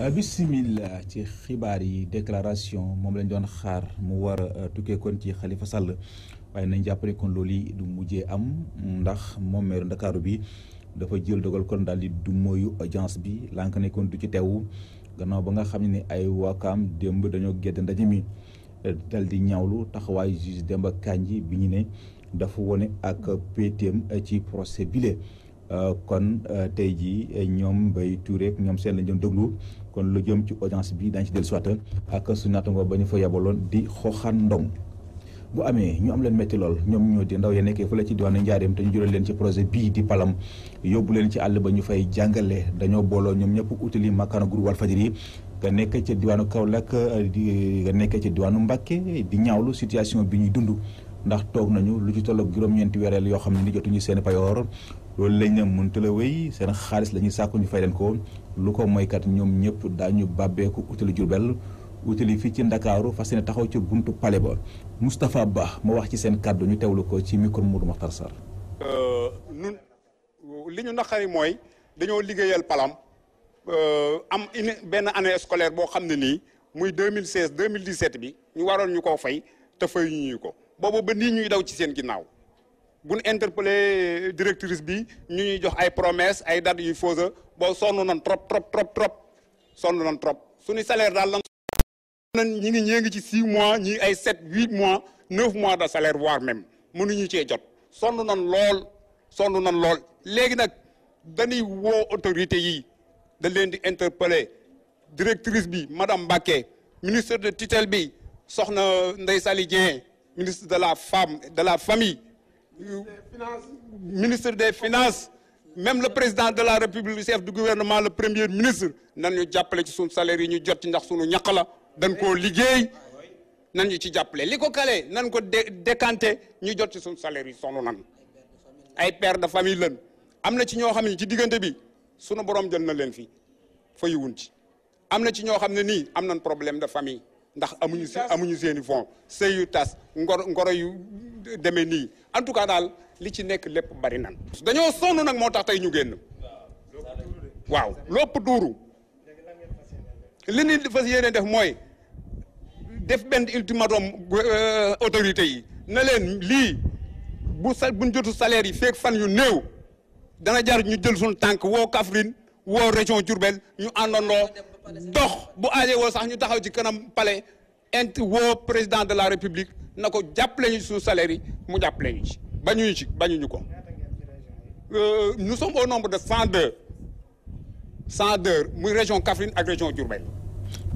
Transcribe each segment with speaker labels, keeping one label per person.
Speaker 1: Euh, bisimila ci xibaar yi déclaration moom lañ doon xaar mu war a euh, tukkee kon ci xalifa Sall waaye nañ jàpp kon loolu yi du mujjee am ndax moom meeru Ndakaaru bi dafa jël dogal kon daal di du moyu audience bi lànk ne kon du ci teew gannaaw ba nga xam ne ay waakaam démb dañoo gedd ndaje mi euh, dal di ñaawlu taxawaay juge Demba Kandji bi ñu ne dafa wone ak PTM ci procès bile kon tey jii ñoom Mbaye Touré ñoom seen lañ doon déglu kon lu jëm ci audience bi dañ ci dellu soit ak suñu naataango ba ñu fa yabaloon di xooxaan ndong bu amee ñu am leen métti lool ñoom ñoo di ndaw ya nekkee la ci diwaanu Njaareem te ñu jural leen ci projet bii di palam yóbbu leen ci àll ba ñu fay jàngale dañoo booloo ñoom ñëpp utali makkaana groupe fajir yi nga nekk ca diwaanu Kaolack di nga nekk ca diwaanu Mbàkke di ñaawlu situation bi ñuy dund ndax toog nañu lu ci tolloog juróom-ñeenti weereel yoo xam ne ni jotuñu seen payoor loolu lañ ne mënta la wéy seen xaalis lañuy ñuy sàkku ñu fay leen ko lu ko moykat ñoom ñëpp daañu bàbbeeku utali Jurbel utali fii ci Ndakaaru fas yéene taxaw ci buntu palais ba Moustapha Ba ma wax ci seen kàddu ñu teewlu ko ci micro Mourou
Speaker 2: Makhtar Sarr.
Speaker 3: Euh, ñun li ñu naqari mooy dañoo liggéeyal palam euh, am une benn année scolaire boo xam ne nii muy 2016 2017 bi ñu waroon ñu koo fay te fayuñu ñu ko boobu ba nii ñuy daw ci seen ginnaaw. bu ñu interpellé directrice bi ñu ñuy jox ay promesse ay dates yu a boo sonn nan trop trop trop trop sonn nan trop suñu salaire daal lan nan ñi ngi ñée ngi ci six mois ñi ay sept huit mois neuf mois de salaire voire même mënuñu cee jot sonn nan lool sonn nan lool léegi nag dañuy woo autorité yi da leen di interpellé directrice bi madame Mbacké ministre de tutelle bi soxna Ndeye Saly Dieng ministre de la femme de la famille ministre des finances même le président de la république chef du gouvernement le premier ministre nan ñu jàppale ci suñu salaire yi ñu jot ci ndax suñu ñaq la dañ koo liggéey nan ñu ci jàppale li ko kale nan ko décanté ñu jot ci suñu salaire yi sonn nan ay père de famille lan am na ci ñoo xam ne ci diggante bi sunu borom jël na leen fii fayiwun ci am na ci ñoo xam ne nii am nañ problème de famille ndax amuñu si amuñu seen i fonds yu tas ngoro ngoro yu demee nii en tout cas daal li ci nekk lépp bari nan dañoo sonn nag moo tax tey ñu génn waaw lépp duuru li ñu fas yéene def mooy def benn ultimatum euh, autorité yi na leen lii bu sa buñ jotu salaire yi feek fan yu néew dana jar ñu jël suñu tànk woo Kaffrine woo région Diourbel ñu àndandoo dox bu aaje woo sax ñu taxaw ci kanam pale int woo président de la république na ko jàppale ñu suñu salaire yi mu jàppale ñu ci bañuñu ci bañuñu ko euh, nous sommes au nombre de cent deux cent deux muy région Kaffrine ak région Diourbel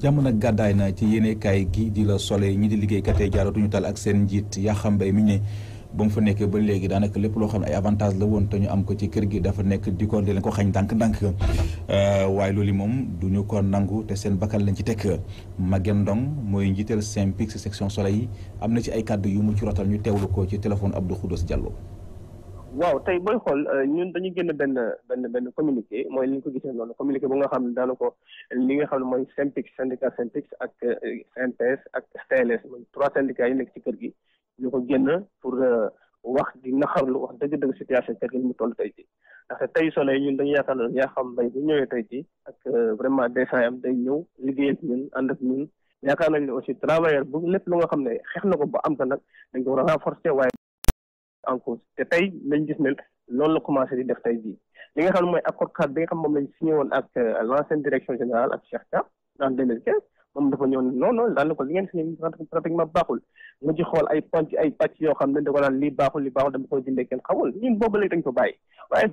Speaker 1: jamono gàddaay na ci yéene kaay gi di la Soleil ñi di liggéeykat yi jaaratuñu tal ak seen njiit Yaxam Mbaye mi ñu ne ba mu fa nekkee ba léegi daanaka lépp loo xam ne ay avantage la woon te ñu am ko ci kër gi dafa nekk di ko di leen ko xañ ndànk-ndànk euh, waaye loolu moom du ñu ko nangu te seen bakkan lañ ci tekk Maguette Ndong mooy njiital SYNPICS section soleil am na ci ay kàddu yu mu ci rotal ñu teew teewlu ko ci téléphone Abdou Khoudous Diallo.
Speaker 4: waaw tey booy xool euh, ñun dañu génn benn benn benn communiqué mooy li ñu ko gisee noonu communiqué bu nga xam ne daana ko li nga xam ne mooy SYNPICS syndicat SYNPICS ak euh, SNPS ak STLS mooy trois yi nekk ci kër gi. ñu ko génn pour euh, wax di naxarlu wax dëgg-dëgg situation kër gi mu toll tey jii ndaxte tey solo yi ñun dañu yaakaar ne yaa xam mbay bu ñëwee tey jii ak euh, vraiment dessin am day ñëw liggéey ak ñun ànd ak ñun yaakaar nañ ne aussi travailleur bu lépp lu nga xam ne xeex na ko ba am ko nag dañ ko war a renforcer waaye en cause te tey lañ gis ne loolu la commencé di def tey jii li nga xam ne mooy accord cadre bi nga xam moom lañ signé woon ak euh, l'ancienne direction générale ak Cheikh Ka en 2015 moom dafa ñëw non non daan na ko li ngeen signé mu ci xool ay ponc yoo xam ne da ko naan lii baaxul lii baaxul dama koy dindee kenn xamul ñun boobu léegi dañ ko bàyyi waaye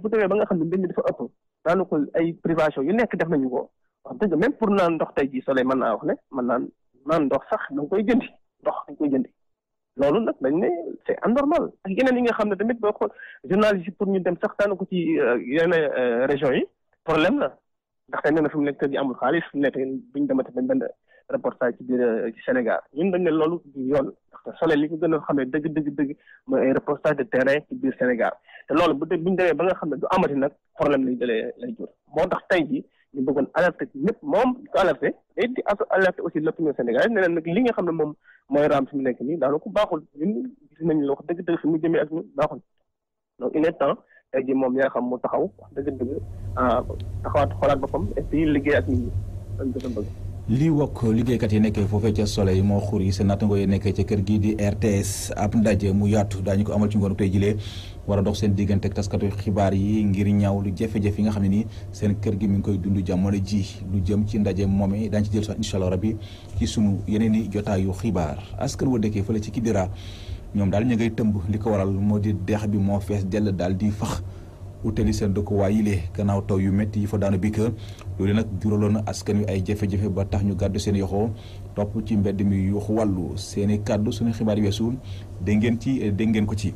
Speaker 4: yu nekk def nañu ko wax dëgg même pour naan ndox tey jii soleil mën naa wax ne mën sax da nga koy jëndi ndox dañ koy jëndi loolu nag dañ ne c'est anormal ak yeneen yi nga xam ne tamit boo xool journaliste yi pour ñu dem sax daanu ko ci euh, yenn euh, région yi problème la ndaxte nee na fi mu nekk ji amul xaalis fi mu nekk bu ñu demate benn reportage ci biir euh, Sénégal ñun dañ ne loolu du yoon ndaxte Soleil li ko gën a ne dëgg dëgg dëgg mooy ay reportage de terrain ci biir Sénégal te loolu bu dee bu ñu ba nga xam ne du amati nag problème lay dalee lay jur moo tax tey jii ñu bëggoon alerter ci moom di ko alerter et di alerter aussi l'opinion leen nag li nga xam ne moom mooy raam fi nekk nii daanaka baaxul ñun gis nañ la wax dëgg dëgg fi mu jëmee ak ñun baaxul donc il est temps tey jii moom yaa xam mu taxaw wax dëgg dëgg ah, taxawaat xoolaat boppam et puis liggéey ak nit ñi dañ ko bëgg
Speaker 1: lii wokk liggéeykat yi nekkee foofee ca soleil moo xur yi seen nattango yi nekkee ca kër gi di RTS ab ndaje mu yaatu daañu ko amal ci ngoonu tey jilee war a seen diggante ak taskatu xibaar yi ngir ñaaw lu jafe-jafe yi nga xam ne nii seen kër gi mi ngi koy dundu jamono ji lu jëm ci ndaje moome daañu ci jël sax incha allah rabbi ci sunu yeneen i jotaayu xibaar askan wa dëkkee fële ci Kidira ñoom daal ñu ngay tëmb li ko waral moo di dex bi moo fees dell daal di fax utali seen dëkkuwaay yi lee gannaaw taw yu métti yi fa daana bikk loolu nag juraloon na askan wi ay jafe-jafe ba tax ñu gàddu seen yoxoo topp ci mbedd mi yuuxu wàllu seen i kàddu suñu xibaar yi weesu dégg ngeen ci dégg ngeen ko ci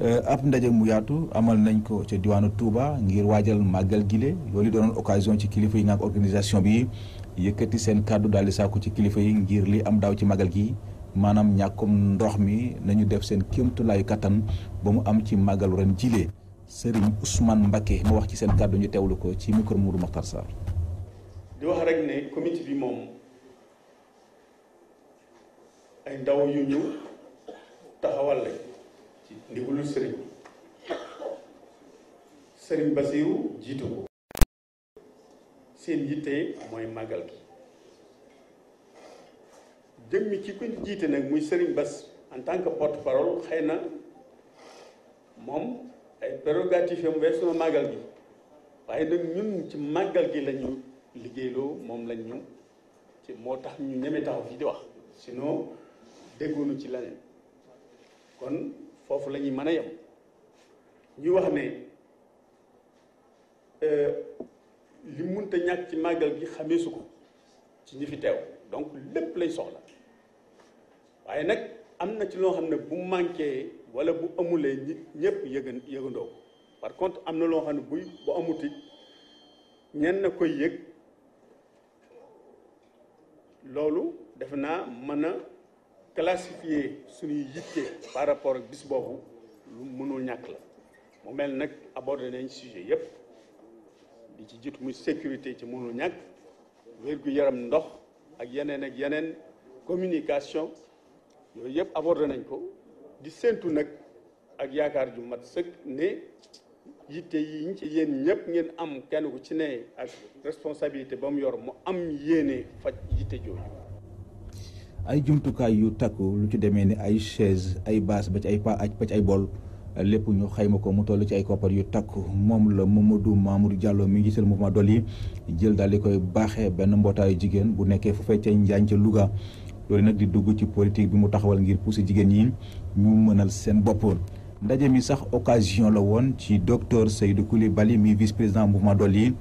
Speaker 1: euh, ab ndaje mu yaatu amal nañ ko ca diwaanu Touba ngir waajal màggal gile loolu doon occasion ci kilifa yi nga organisation bi yëkkati seen kàddu daal di ci kilifa yi ngir li am daaw ci màggal gi maanaam ñàkkum ndox mi nañu def seen kéemtulaayu kattan ba mu am ci màggalu ren jilee Serigne Ousmane Mbacké mu wax ci seen kàddu ñu teewlu ko ci micro Mourou Makhtar Sarr.
Speaker 2: di wax rek ne comité bi moom ay ndaw yu ñu taxawal lañ ci ndigalu Serigne Serigne Bassirou jiitu ko seen yitte mooy màggal gi jëmmi ci ku jiite nag muy Serigne Bass en tant que porte-parole xëy na moom. ay prérogative mu weesu na màggal gi waaye nag ñun ci màggal gi lañu ñu liggéeyloo moom lañ ñu ci moo tax ñu ñeme taxaw fii di wax sinon déggoonu ci leneen kon foofu lañuy mën a yem ñu wax ne euh, li munta ñàkk ci màggal gi xameesu ko ci ñi fi teew donc lépp lañ soxla waaye nag am na ci loo xam ne bu manqué wala bu amulee ñi ñëpp yëgan yëgandoo par contre am na loo xam ne buy bu amuti ñenn na koy yëg loolu def naa mën a classifier suñuy yitte par rapport ak bis boobu lu mënul ñàkk la mu mel nag aborder nañ sujet yëpp di ci jiitu muy sécurité ci mënul ñàkk wér-gu-yaram ndox ak yeneen ak yeneen communication yooyu yëpp aborder nañ ko di séentu nag ak yaakaar ju mat sëkk ne yitte yi ci yéen ñëpp ngeen am kenn ku ci ne ak responsabilité ba mu yor mu am yéene faj yitte jooju.
Speaker 1: ay jumtukaay yu takku lu ci demee ni ay chaise ay baas ba ci ay pa aj ba ay bool lépp ñu xayma ko mu toll ci ay koppar yu takku moom la Mamadou Mamour jàlloo mi ngi gisal mouvement Dolli jël daal di koy baaxee benn mbootaayu jigéen bu nekkee fu fekkee njaañ ca Louga loolu nag di dugg ci politique bi mu taxawal ngir pousser jigéen ñi ñu mënal seen bopp ndaje mi sax occasion la woon ci docteur Seydou Coulibaly mi vice président mouvement Dolli yi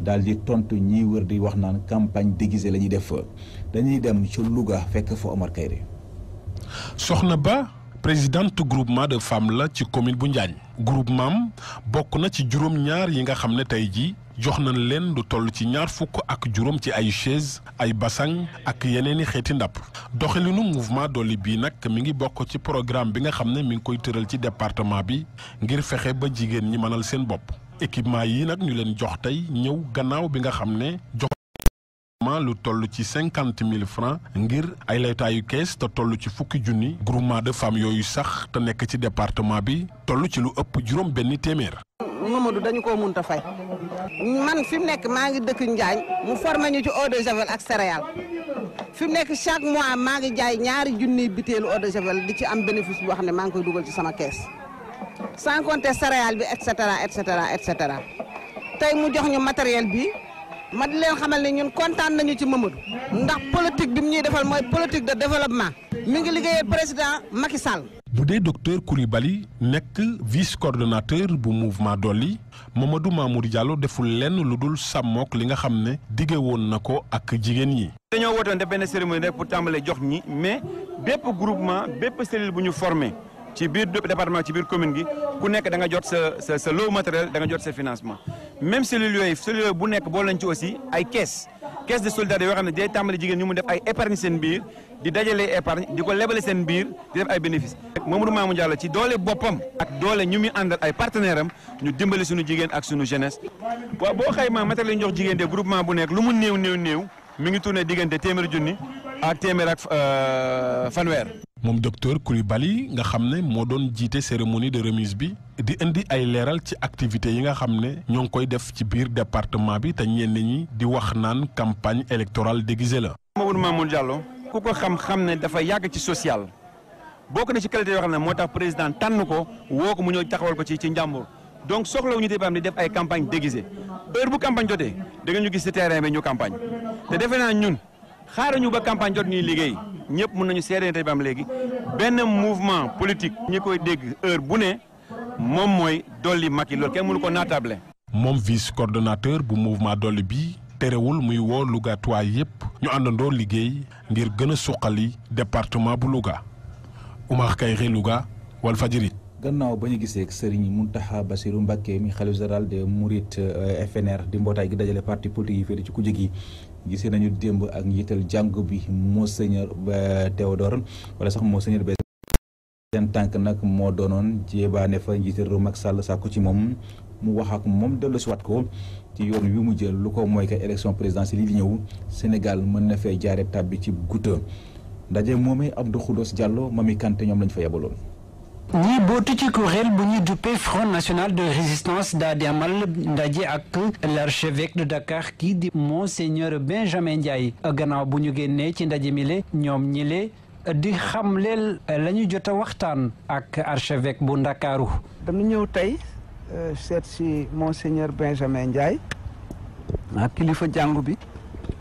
Speaker 1: daal di tontu ñi wër di wax naan campagne déguisée la ñuy def dañuy dem ci Louga fekk fa Omar
Speaker 5: Kayre soxna ba présidente groupement de femmes la ci commune bu Njaañ groupement bokk na ci juróom-ñaar yi nga xam ne tey jii jox nañ leen lu toll ci ñaar fukk ak juróom ci ay chaise ay basang ak yeneen i xeeti ndàpp doxalinu mouvement dolli bii nag mi ngi bokk ci programme bi nga xam ne mi ngi koy tëral ci département bi ngir fexe ba jigéen ñi mënal seen bopp équipement yi nag ñu leen jox tey ñëw gannaaw bi nga xam ne jox lu toll ci cinquante mille francs ngir ay laytaayu kees te toll ci fukki junni groupement de femme yooyu sax te nekk ci département bi toll ci lu ëpp juróom benn téeméer
Speaker 6: man fi mu nekk maa ngi dëkk Njaañ mu formé ñu ci eau de javel ak céréales fi mu nekk chaque mois maa ngi jaay ñaari junniy butéelu eau de javel di ci am bénéfice boo xam ne maa ngi koy dugal ci sama kees sans compter céréales bi et cetera et cetera et cetera tey mu jox ñu matériel bi ma di leen xamal ne ñun kontaan nañu ci Mamadou ndax politique bi mu ñuy defal mooy politique de développement mi ngi liggéeyee président Macky Sall.
Speaker 5: bu dee docteur bali nekk vice coordonnateur bu mouvement Dolli Mamadou Mamour Diallo deful lenn lu dul sàmmook li nga xam ne dige woon na ko ak jigéen yi.
Speaker 7: dañoo wootoon def benn cérémonie rek pour tàmbalee jox ñi mais bépp groupement bépp cellule bu ñu formé ci biir département ci biir commune gi ku nekk danga jot sa sa sa matériel da jot sa financement même cellule yooyu cellule yooyu bu nekk boo lañ ci aussi ay caisse. caisse de solidarité yoo xam ne day tàmbali jigéen ñu mu def ay épargne seen biir di dajale épargne di ko lebale seen biir di def ay bénéfice Mamadou Mamour Diallo ci doole boppam ak doole ñu muy àndal ay partenaire am ñu dimbali suñu jigéen ak suñu jeunesse waaw boo xaymaa matériel ñu jox jigéen de groupement bu nekk lu mu néew néew néew mi ngi tourné diggante téeméeri junni ak téeméer ak euh, fanweer
Speaker 5: moom docteur bali nga xam ne moo doon jiite cérémonie de remise bi di indi ay leeral ci activité yi nga xam ne ñoo ngi koy def ci biir département bi te ñenn ñi di wax naan campagne électorale déguisée la.
Speaker 7: Mamadou Mamoun Diallo ku ko xam-xam ne dafa yàgg ci social bokk na ci qualité yoo xam ne moo tax président tànn ko woo ko mu ñëw taxawal ko ci ci njàmbur donc soxlawuñu débat ñu di def ay campagne dégisé heure bu campagne jotee da nga ñu gis ci terrain bi ñu campagne te defe naa ñun ñu ba campagne jot ñuy liggéey. ñëpp mën nañu seedeen tey ba léegi benn mouvement politique ñi koy dégg heure bu ne moom mooy dolli yi loolu kenn mënu ko naatable
Speaker 5: moom vice coordonnateur bu mouvement dolli bi terewul muy woo Lougatois yëpp ñu àndandoo liggéey ngir gën a suqali département bu Louga Oumar Kayre Louga Walfadjri gannaaw ba ñu gisee sëriñ
Speaker 1: Mountakha Bassirou Mbacké mi xalif général de Mouride euh, FNR di mbootaay gi dajale parti politique yi féete ci kujje yi gisee nañu démb ak njiital jàngu bi monseigneur Théodore wala sax monseigneur be seen tànk nag moo doonoon jéebaane fa njiital réew sàll Sall sàkku ci moom mu waxaak ak moom dellu si ko ci yoon wi mu jël lu ko mooy que élection présidentielle yi di ñëw Sénégal mën na fee jaare tàbbi ci gutta ndaje moomee Abdou Khoudoss Diallo Mami Kanté ñoom lañ fa yebaloon
Speaker 6: ñii bootu ci kuréel bu ñu duppee Front National de Résistance daa di amal ndaje ak l'archevêque de Dakar kii di Monseigneur Benjamin Ndiaye gannaaw bu ñu génnee ci ndaje mi le ñoom ñi le di xamleel la ñu jot waxtaan ak archevêque bu Ndakaaru dama ñëw tey euh, seet si Monseigneur Benjamin Ndiaye ak kilifa jàngu bi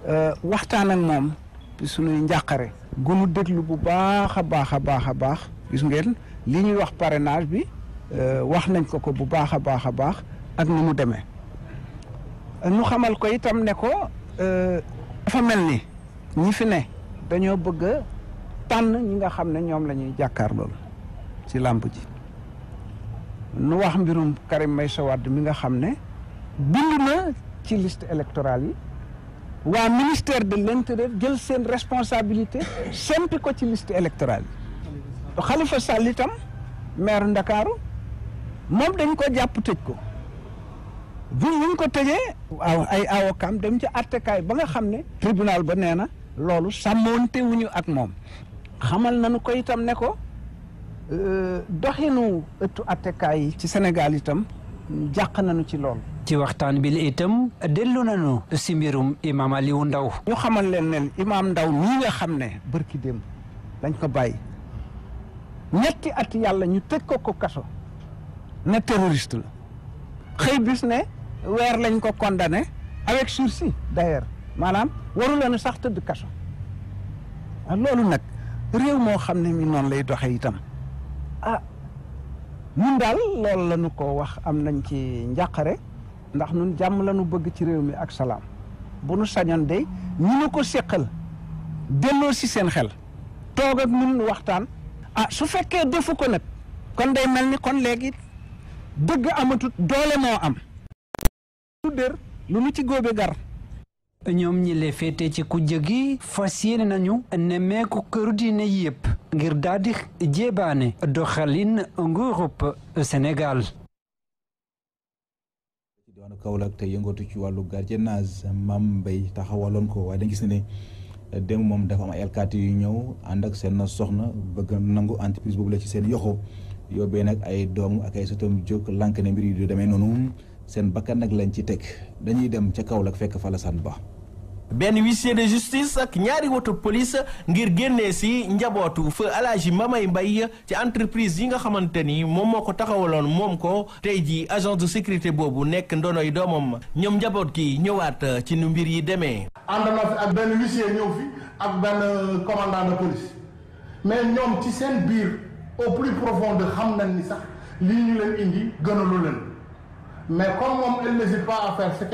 Speaker 6: euh, waxtaan ak moom bi suñuy njàqare gunu déglu bu baax a baax a baax a baax gis ngeen li ñuy wax parrainage bi euh, wax nañ ko ko bu baax a baax a baax ak ni mu demee ñu xamal ko itam ne ko euh, dafa mel ni ñi fi ne dañoo bëgg tànn ñi nga xam ne ñoom la ñuy jàkkaar lool ci làmp ji nu wax mbirum Karim Meïssa Wade mi nga xam ne bind na ci liste électorale yi waa ministère de l'intérieur jël seen responsabilité sempi ko ci liste électorale yi xalifa Sall itam maire Ndakaaru moom dañ ko jàpp tëj ko buñ buñ ko tëjee waaw ay awokam dem ci attekaay ba nga xam ne tribunal ba nee na loolu sàmmoonte wuñu ak moom xamal nañu ko itam ne ko euh, doxinu ëttu attekaay ci senegal itam jàq nañu ci lool ci waxtaan bi li itam dellu nañu si mbirum imaam Aliou Ndao ñu xamal leen ne imaam Ndao nga xam ne bërki démb lañ ko bàyyi ñetti at yàlla ñu tëj ko ko kaso ne terroriste la xëy bis ne weer lañ ko condamné avec sursi d'ailleurs maanaam waru leen sax tëdd kaso ah loolu nag réew moo xam ne mi noonu lay doxee itam ah ñun daal loolu la ko wax am nañ ci njàqare ndax ñun jàmm la bëgg ci réew mi ak salaam bu nu sañoon day ñu nu ko séqal delloo si seen xel toog ak ñun waxtaan ah su fekkee defu ko nag kon day mel ni kon léegi bëgg amatu doole moo am lu dér lu ci góobe gar ñoom ñi le féete ci kujje gi fas yéene nañu nemmeeku këru diine yépp ngir daal di jéebaane doxalin nguurub Sénégal
Speaker 1: ci doonu te yëngatu ci wàllu gardiennage Mame Mbaye taxawaloon ko démb moom dafa am ay yu ñëw ànd ak seen soxna bëgg nangu entreprise boobu la ci seen yoxo yóbbee nag ay doom ak ay sotam jóg lànk ne mbir yi du demee noonu seen bakkan nag lañ ci teg dañuy dem ca Kaolack fekk fa Alassane
Speaker 8: Ba benn huissier de justice ak ñaari woto police ngir génne si njabootu fa alaaji may Mbay ci entreprise yi nga xamante ni moom moo ko taxawaloon moom ko tey ji agent de sécurité boobu nekk ndonoy doomam ñoom njaboot gi ñëwaat ci nu mbir yi demee.
Speaker 2: ànd na fi ak benn huissier ñëw fi ak benn commandant de police mais ñoom ci seen biir au plus profond xam nañ ni sax lii ñu leen indi gënalu leen. Mais comme moom elle n'hésite pas à faire ce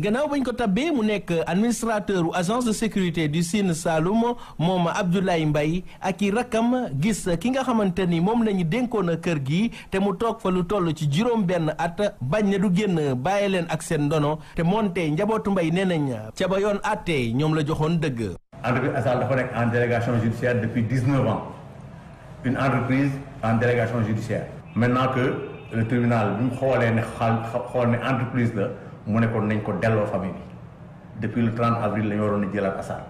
Speaker 8: gannaaw bañ ko tabbee mu nekk administrateur agence de sécurité du Sine Saloum moom Abdoulaye Mbaye ak i rakkam gis ki nga xamante ni moom la ñu dénkoon a kër gi te mu toog fa lu toll ci juróom benn at bañ ne du génn bàyyi leen ak seen ndono te moonte njabootu mbay nee nañ ca ba yoon atte ñoom la joxoon dëgg. entreprise Assal dafa nekk en délégation judiciaire depuis 19 ans.
Speaker 2: une entreprise en délégation judiciaire maintenant que le tribunal bi mu xoolee ne xaal xool ne entreprise la mu ne ko nañ ko delloo famille bi depuis le 30 avril la ñu waroon a jëlaat Assane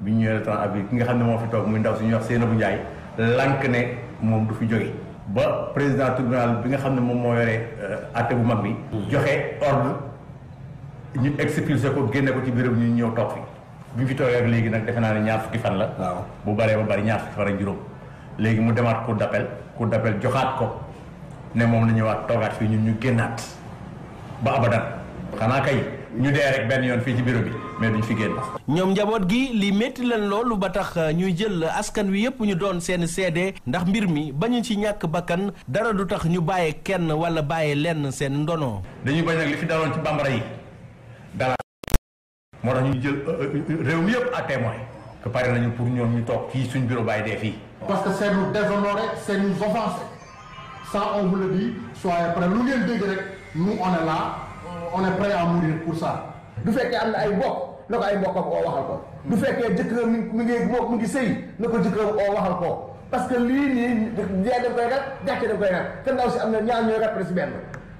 Speaker 2: bi ñu ñëwee le 30 avril ki nga xam ne moo fi toog muy ndaw si ñuy wax bu Ndiaye lank ne moom du fi jóge ba président tribunal bi nga xam ne moom moo yore àtte euh, bu mag bi joxe ordre ñu expulsé ko génne ko ci béréb ñu ñëw toog fi bi fi toogee ak léegi nag defe naa ne ñaar fukki fan la waaw bu baree ba bari ñaar juróom léegi mu demaat cour d'appel cour d'appel joxaat ko ne moom la ñëwaat toogaat fii ñu ñu génnaat ba abadan xanaa kay ñu dee rek benn yoon fii ci bureau bi mais duñ fi génn.
Speaker 8: ñoom njaboot gi li métti leen loolu ba tax ñuy jël askan wi yëpp ñu doon seen seede ndax mbir mi bañu ci ñàkk bakkan dara du tax ñu bàyyee kenn wala bàyyee lenn seen ndono. dañuy bañ nag li fi daloon ci bambara yi dara. moo tax ñu jël
Speaker 2: euh, euh, réew mi yëpp à témoin que pare nañu pour ñoom ñu toog fii suñ bureau fii. parce que c'est nous déshonorer, c'est nous offenser. Ça, on vous le dit, soyez prêts. Lu ngeen dégg rek nous on est là, on est prêt à mourir pour sa du fekkee am na ay mbokk na ko ay mbokkam oo waxal ko. du fekkee jëkkëram mi ngi moom mi ngi sëy na ko jëkkëram oo waxal ko. parce que lii nii jaay dañ koy nag gàcce dañ koy nag te ndaw si am na ñaar ñooy ràppale si benn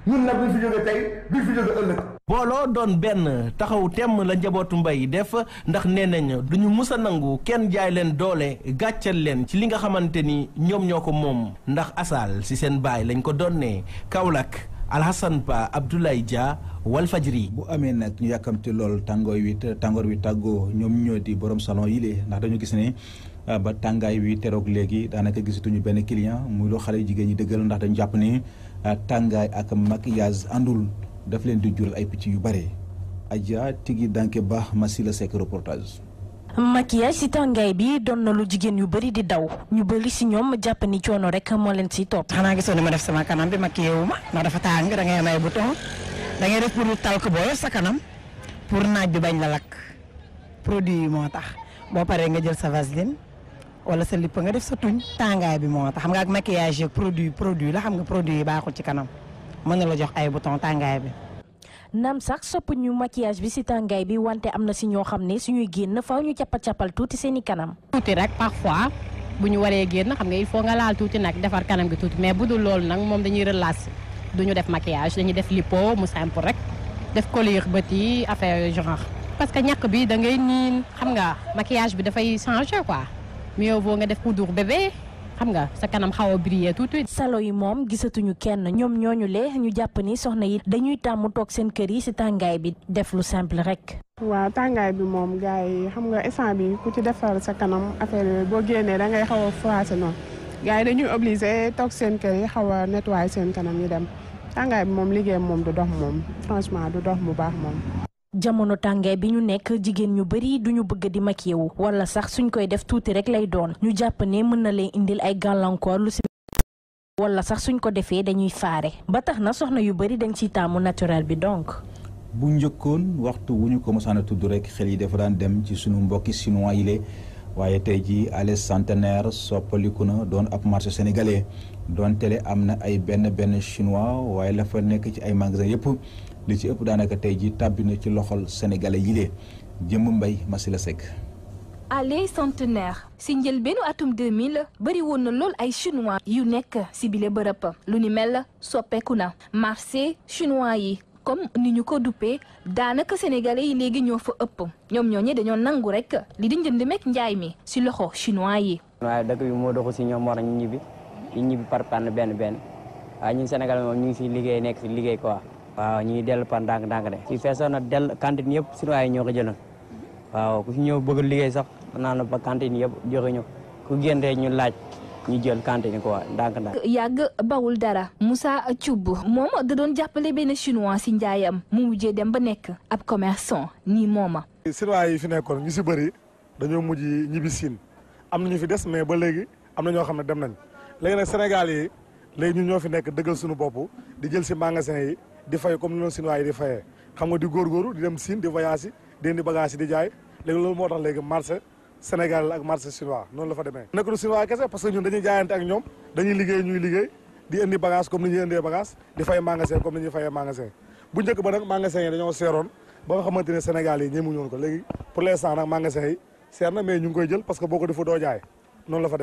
Speaker 2: ñun
Speaker 8: nag duñ fi jógee tey duñ fi jógee ëllëg. booloo doon benn taxaw temm la njabootu mbay def ndax nee nañ du ñu mus a nangu kenn jaay leen doole gàccal leen ci li nga xamante ni ñoom ñoo ko moom ndax asaal si seen baay lañ ko donnee Kaolack Alhassane Ba Abdoulaye Dia Walfajri bu amee nag ñu yàkkamti lool tàngoor wi tàngoor
Speaker 1: wi tàggoo ñoom ñoo di borom salon yi ndax dañu gis ne ah, ba tàngaay wi teroog léegi daanaka gisatuñu benn client muy loo xale jigéen ñi dëggal ndax dañu jàpp ni ah, tàngaay ak maquillage àndul daf leen di jural ay picc yu bare Adja Tigi Danke Ba Massila Seck reportage.
Speaker 9: maquillage si tàngaay bi doon na lu jigéen yu bëri di daw ñu bëri si ñoom jàpp ni coono rek moo leen si topp. xanaa gisoo ni ma def sama kanam bi maquillé wu ma ndax dafa tàng da ngay da ngay def pour talc booy sa kanam pour naaj bi bañ la lakk produit yi moo tax boo paree nga jël sa vaseline wala sa lipp nga def sa tuñ. tàngaay bi moo tax xam nga ak maquillage yeeg produit produit la xam nga produit yi baaxul ci kanam. mën na la jox ay bouton tàngaay bi. nam sax soppuñu maquillage bi si tàngaay bi wante am na si ñoo xam ne suñuy génn faaw ñu cappal cappal tuuti seen i kanam. tuuti rek parfois bu ñu waree génn xam nga il faut nga laal tuuti nag defar kanam bi tuuti mais bu dul loolu nag moom dañuy relaxer du ñu def maquillage dañuy def lipo mu simple rek def collier bët yi affaire genre. parce que ñàkk bi da ngay niin xam nga maquillage bi dafay changer quoi mieux vaut nga def poudre bébé. xam nga sa kanam xaw a briller tuuti. salo yi moom gisatuñu kenn ñoom ñooñu lee ñu jàpp ni soxna yi dañuy tàmm toog seen kër yi ci tàngaay bi def lu simple rek.
Speaker 3: waaw tàngaay bi moom gars xam nga instant bi ku ci defar sa kanam affaire boo génnee da ngay xaw a froissé noonu gars yi dañuy obligé toog seen kër yi xaw a nettoyer seen kanam yi dem tàngaay bi moom liggéey moom du dox moom franchement du dox bu baax moom.
Speaker 9: jamono tàngaay bi ñu nekk jigéen ñu bëri duñu bëgg di makiyewu wala sax suñ koy def tuuti rek lay doon ñu jàpp ne mën na leen indil ay gàllankoor lu si wala sax suñ ko defee dañuy faare ba tax na soxna yu bëri dañ ciy taamu naturel bi donc
Speaker 1: bu njëkkoon waxtu wu ñu ko mosaan tudd rek xel yi dafa daan dem ci suñu mbokki chinois yi waaye tey jii allée centenaire soppaliku na doon ab marché sénégalais doon télé am na ay benn benn chinois waaye la nekk ci ay magasin yëpp li ci ëpp daanaka tey ji tàbbi na ci loxol sénégalais yi lee jëmm la Masila Seck
Speaker 10: allée centenaire si njëlbeenu atum 2000 bëri woon na lool ay chinois yu nekk si bile bërëb lu ni mel soppeeku na marché chinois yi comme ni ñu ko duppee daanaka sénégalais yi léegi ñoo fa ëpp ñoom ñoo ñe dañoo nangu rek li di njënd meeg njaay mi si loxo chinois yi
Speaker 3: waaye dëkk yu moo doxu si ñoom war ñu ñibbi ñu ñibbi par pann benn benn waaye ñun sénégalais moom ñu ngi si liggéey nekk si liggéey quoi waaw ñuy dellu par ndànk-ndànk de fii feesoon na dell cantine yëpp suñu ay ñoo ko jëloon waaw ku fi ñëw bëgg liggéey sax naan ba cantine yëpp joxe ñu ku génn ñu laaj ñu jël cantine quoi ndànk-ndànk.
Speaker 10: yàgg bawul dara Moussa Thioub moom da doon jàppale benn chinois si njaayam mu mujjee dem ba nekk ab commerçant nii mooma.
Speaker 3: chinois
Speaker 2: yi fi nekkoon ñu si bëri dañoo mujj ñibbi siin am na ñu fi des mais ba léegi am na ñoo xam ne dem nañ léegi nag Sénégal yi léegi ñun ñoo fi nekk dëggal suñu bopp di jël si magasin yi. di fay comme ni noonu Sine di fayee xam nga di góorgóorlu di dem Sine di voyage di indi bagage di jaay léegi loolu moo tax léegi marché Sénégal la ak marché chinois noonu la fa demee. nekk du chinois kese parce que ñun dañuy jaayante ak ñoom dañuy liggéey ñuy liggéey di indi bagage comme ni ñuy indee bagage di fay magasin comme ni ñuy fayee magasin bu njëkk ba nag magasin yi dañoo seeroon ba nga xamante ne Sénégal yi ñemuñu woon ko léegi pour l'instant nag ñu ngi koy jël parce que boo ko defu jaay noonu la fa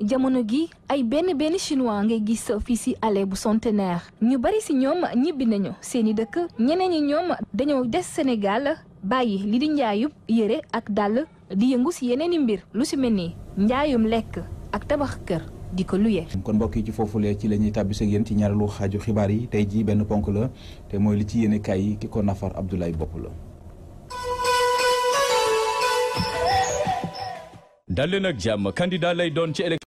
Speaker 10: jamono gi ay benn benn chinois ngay gis fii si allée bu centenaire ñu bari si ñoom ñibbi nañu seeni dëkk ñeneen ñi ñoom dañoo des Sénégal bàyyi li di njaayub yére ak dàll di yëngu si yeneen i mbir lu si mel ni njaayum lekk ak tabax kër. di ko luye.
Speaker 1: kon mbokk yi ci foofulee ci la ñuy tàbbise ak yéen ci ñaareelu xaaju xibaar yi tey jii benn ponk la te mooy li ci yéene kaay yi ki ko nafar Abdoulaye Bopp la.
Speaker 11: dalleen ak jàmm candidat lay doon ci élection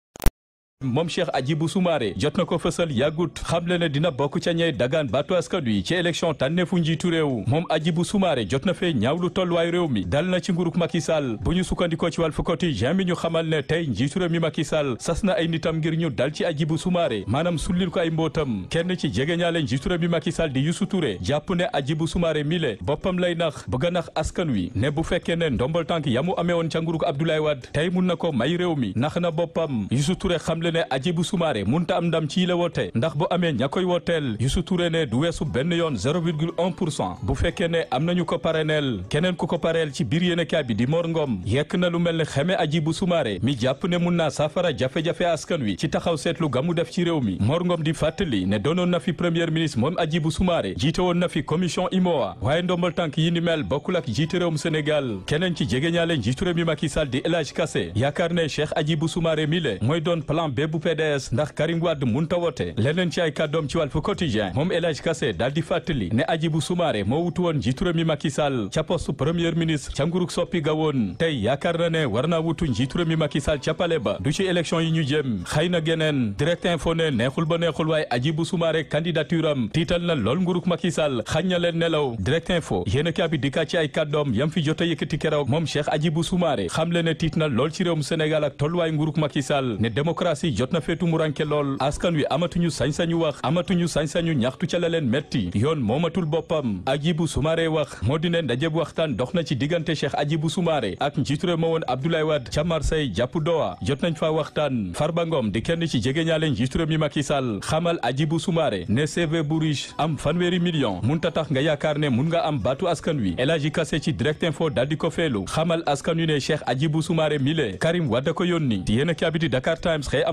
Speaker 11: moom Cheikh Hadjibou Soumaré jot na ko fësal yàggut xamle ne dina bokk ca ñey dagaan baatu askan wi ci élection tànneefu njiitu réew moom Hadjibou Soumaré jot na fee ñaawlu tolluwaay réew mi dal na ci nguruk Macky Sall bu ñu sukkandikoo ci Walf Quotidien mi ñu xamal ne tey njiitu réew mi Macky Sall sas na ay nitam ngir ñu dal ci Hadjibou Soumaré maanaam sullil ko ay mbootam kenn ci jege ñaale njiitu réew mi Macky Sall di Youssou Touré jàpp ne Hadjibou Soumaré mi boppam lay nax bëgg a nax askan wi ne bu fekkee ne ndombal tànk yamu amee woon ca nguruk Abdoulaye Wade tey mun na ko réew mi nax na xamle ne Hadjibou Soumaré munta am ndam ci la woote ndax bu amee ña koy wooteel Youssou Touré ne du weesu benn yoon 0,1 pour cent bu fekkee ne am nañu ko parrainel keneen ku ko pareel ci biir yéenekaay bi di Mor Ngom yekk na lu mel ne xeme Hadjibou Soumaré mi jàpp ne mun naa saafara jafe-jafe askan wi ci taxaw seetlu gamu def ci réew mi Mor di fàttali ne doonoon na fi premier ministre moom Hadjibou Soumaré jiite woon na fi commission IMOA waaye ndombal tànk yi ni mel bokkul ak jiite réewum Sénégal keneen ci jegeñaale njiitu réew mi Macky Sall di El Hadj Kassé yaakaar ne Cheikh Hadjibou Soumaré mi le mooy doon plan bépp PDS ndax Karim Wade munta wote leneen ci ay kàddoom ci Walf Quotidien moom El Hadj Kassé daal di fàttali ne Hadjibou Soumaré moo wutu woon njiitu réew mi Macky Sall ca poste premier ministre ca nguurug soppi ga woon tey yaakaar na ne war naa wutu njiitu réew mi Macky Sall ca pale ba du ci élection yi ñu jëm xëy na geneen direct info ne neexul ba neexul waaye Hadjibou Soumaré candidature am tiital na lool nguurug Macky Sall xañ na leen nelaw direct info yéena kaa bi dikkaat ci ay kàddoom yam fi jot a yëkkati keroog moom Cheikh Hadjibou Soumaré xam le tiit na lool ci réewum Sénégal ak tolluwaay nguurug Macky Sall ne démocratie si jot na feetu muranke lool askan wi amatuñu sañ-sañu wax amatuñu sañ-sañu ñaxtu ca la leen metti yoon moomatul boppam Hadjibou Soumaré wax moo di ne ndajeb waxtaan dox na ci diggante Cheikh Hadjibou Soumaré ak njiitu réew ma woon Abdoulaye Wade ca Marseille jàpp Doha jot nañ fa waxtaan Farba Ngom di kenn ci jegeñaale njiitu réew mi Macky Sall xamal Hadjibou Soumaré ne CV bu riche am fanweeri million munta tax nga yaakaar ne mun nga am baatu askan wi El Hadji ci direct info daldi ko feelu xamal a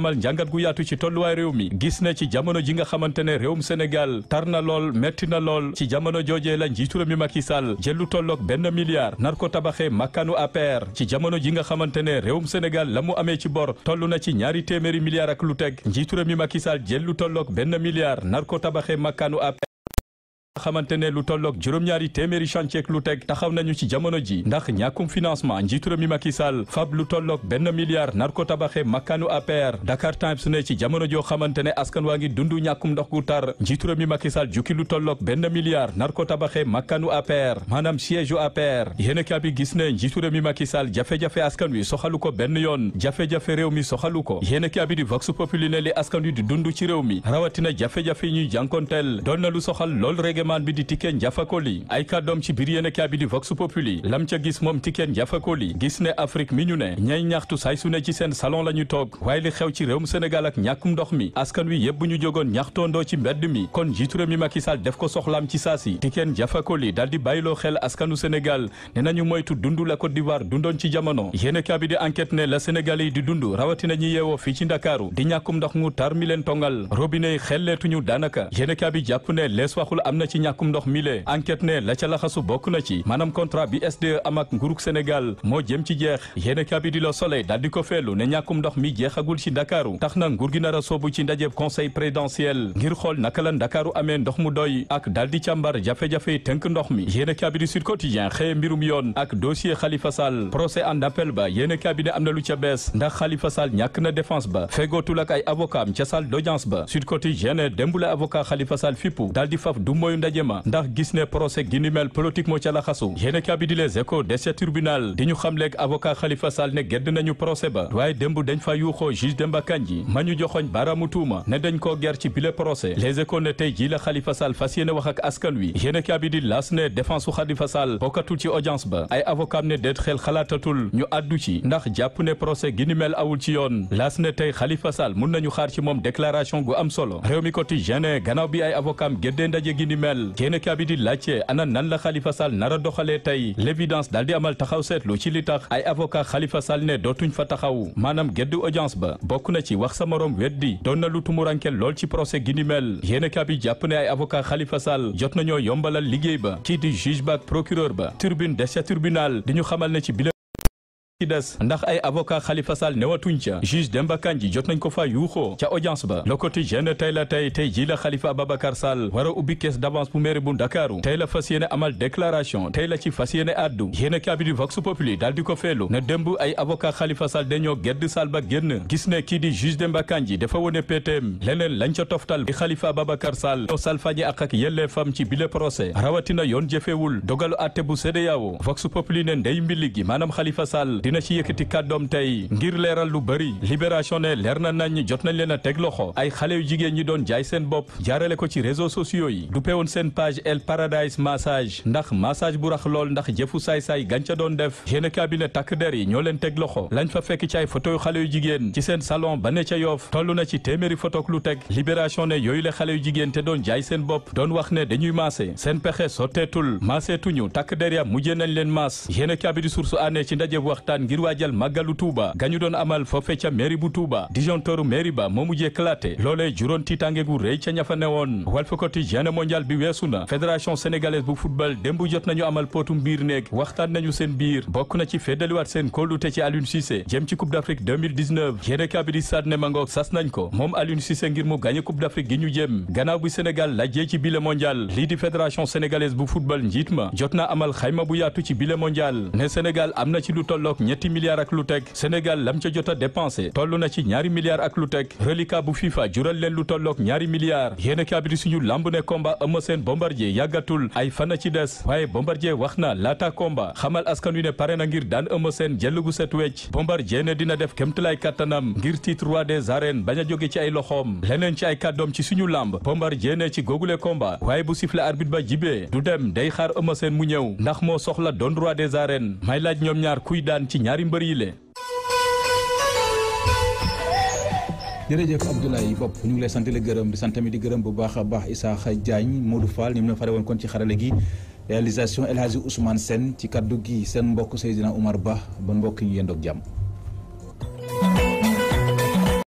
Speaker 11: amal njàngat gu yaatu ci tolluwaay réew mi gis na ci jamono ji nga xamante ne mu Sénégal tar na lool metti na lool ci jamono joojee la njiitu réew mi Macky Sall jël lu tolloog benn milliard nar ko tabaxee makkaanu APR ci jamono ji nga xamante ne réewum Sénégal la mu amee ci bor toll na ci ñaari téeméeri milliards ak lu teg njiitu réew mi Macky Sall jël lu tolloog benn milliard nar tabaxee makkaanu APR xamante ne lu tolloog juróom-ñaari téeméeri chantier lu teg taxaw nañu ci jamono ji ndax ñàkkum financement njiitu réew mi Macky Sall fab lu tolloog benn milliard nar ko tabaxe makkaanu APR Dakar Times ne ci jamono joo xamante ne askan waa ngi dund ñàkkum ndox gu tar njiitu réew mi Macky Sall jukki lu tolloog benn milliard nar ko tabaxe makkaanu APR maanaam siège u APR yéen a bi gis ne njiitu réew mi Macky Sall jafe-jafe askan wi soxalu ko benn yoon jafe-jafe réew mi soxalu ko yéen a di Vox Populi ne li askan wi di dund ci réew mi rawatina jafe-jafe ñuy jànkonteel doon soxal lool rek élément bi di Tiken Jaffa Coly ay kàddoom ci biir yéenekaay bi di Vox Populi lam ca gis moom Tiken Jaffa Coly gis ne Afrique mi ñu ne ñay ñaxtu say su ne ci seen salon la ñu toog waaye li xew ci réewum Sénégal ak ñàkkum ndox mi askan wi yëpp bu ñu jógoon ñaxtoondoo ci mbedd mi kon jiitu mi Macky Sall def ko soxlaam ci saasi Tiken Jaffa Coly daal di bàyyiloo xel askanu Sénégal ne nañu moytu dundu la Côte d'Ivoire dundoon ci jamono yéenekaay di enquête ne la Sénégal yi di dund rawatina ñi yeewoo di ñàkkum ndox mu tar mi leen tongal robinet yi xelleetuñu daanaka yéenekaay bi jàpp ne lees waxul ci ñàkkum ndox mile enquête ne la ca laxasu bokk na ci maanaam contrat bi SDE am ak nguurug Sénégal moo jëm ci jeex yéen kabi di la soleil daal di ko feelu ne ñàkkum ndox mi jeexagul ci ndakaaru tax na nguur gi nar a soobu ci ndajeb conseil présidentiel ngir xool naka la ndakaaru amee ndox mu doy ak daal di càmbar jafe-jafe tenk ndox mi yéen kabi di sud quotidien xëye mbirum yoon ak dossier Khalifa Sall procès en appel ba yéen kabi am na lu ca bees ndax Khalifa Sall ñàkk na défense ba ba sud la avocat Khalifa Sall fippu daal di faf du moyu ndaje ma ndax gis ne procès gi ni mel politique moo ca la xasu yéene kabi di les échos de ce tribunal di ñu xam leeg avocat Khalifa Sall ne gedd nañu procès ba waaye démb dañ fa yuuxoo juge Demba Kandji ma ñu joxoñ baaraamu ne dañ koo ger ci bile procès les échos ne tey jii la Khalifa Sall fas yéene wax askan wi yéene kabi las ne défense su Khalifa bokkatul ci audience ba ay avocat ne déet xel xalaatatul ñu addu ci ndax jàpp ne procès gi awul ci yoon las mun nañu xaar ci moom déclaration am solo mel génn kaabi di laajte ana nan la Khalifa Sall nara doxalee tey l'évidence daal amal taxaw seetlu ci li tax ay avocat Khalifa Sall ne dootuñ fa taxaw maanaam geddu audience ba bokk na ci wax sa morom weddi doon na lu tumurankel lool ci procès gi ni mel génn kaabi jàpp ne ay avocat Khalifa Sall jot nañoo yombalal liggéey ba kii juge ba ak procureur ba turbine de sa tribunal di ñu xamal ne ci ci ndax ay avocat Khalifa Sall newatuñ ca juge Demba Kandji jot nañ ko fa yuuxoo ca audience ba le quotidien tey la tey tey ji la Khalifa Ababacar Sall war a ubbi caisse d'avance bu mairie bu Ndakaaru tey la fas yéene amal declaration tey la ci fas yéene addu yéene kaabi di vox populi daal di ko feelu na demb ay avocat Khalifa Sall dañoo gedd Sall ba génn gis ne kii di juge Demba Kandji dafa wone PTM leneen lañ ca toftal di Khalifa Ababacar Sall ñoo salfañi ak ak yellee fam ci bile procès rawatina yoon jëfewul dogalu atte bu CEDEAO vox populi ne ndey mbili gi maanaam Khalifa Sall dina ci yëkkati kàddoom tey ngir leeral lu bëri libération ne leer na nañ jot nañ leen a teg loxo ay xale yu jigéen ñi doon jaay seen bopp jaarale ko ci réseaux sociaux yi du pewoon seen page El Paradise massage ndax massage bu rax lool ndax jëfu saay-saay gànca doon def géne cabinet takk der yi ñoo leen teg loxo lañ fa fekk ci ay photo yu xale yu jigéen ci seen salon ba ne ca yoof toll na ci téeméeri photo ak lu teg libération ne yooyu la xale yu jigéen doon jaay seen bopp doon wax ne dañuy maase seen pexe sotteetul maaseetuñu takk der ya mujjee nañ leen maas géne waxtaan ngir waajal màggalu Touba gañu doon amal foofe ca mairie bu Touba disjoncteur mairie ba moo mujjee éclaté loolee juróon tiitaange gu rëy ca ñafa newoon Walf Quotidien mondial bi weesu na fédération sénégalaise bu football démb jot nañu amal potum biir néeg waxtaan nañu seen biir bokk na ci feddaliwaat seen kóolute ci Aliou Cissé jëm ci coupe sas nañ ko moom Aliou Cissé ngir mu gàñe coupe d'Afrique gi ñu jëm gannaaw bu Sénégal lajjee ñetti milliards ak lu teg Sénégal lam ca jot a dépensé toll na ci ñaari milliards ak lu teg reliquat bu FIFA jural leen lu tollook ñaari milliards yéen a kaabiri suñu lamb ne combat Eumeu Sène Bombardier yàggatul ay fana ci des waaye Bombardier wax na laata combat xamal askan wi ne pare na ngir daan Eumeu seen jël gu set wecc Bombardier ne dina def kémtalaay kattanam ngir titre roi des arènes bañ a jóge ci ay loxoom leneen ci ay kàddoom ci suñu làmb Bombardier ne ci googule combat waaye bu sifle arbitre ba jibee du dem day xaar Eumeu Sène mu ñëw ndax moo soxla doon roi des arènes may laaj ñoom ci ñaari mbër yi lee
Speaker 1: jërëjëf Abdoulaye Bopp ñu ngi lay sant la gërëm di sant tamit di gërëm bu baax a baax Isaaxa Diagne Modou Fall ni mu la fare woon kon ci xarale gi réalisation El Hadji Ousmane Sène ci kàddu gi seen mbokk Seydina Omar Ba ba mbokk ñu yendoog jàmm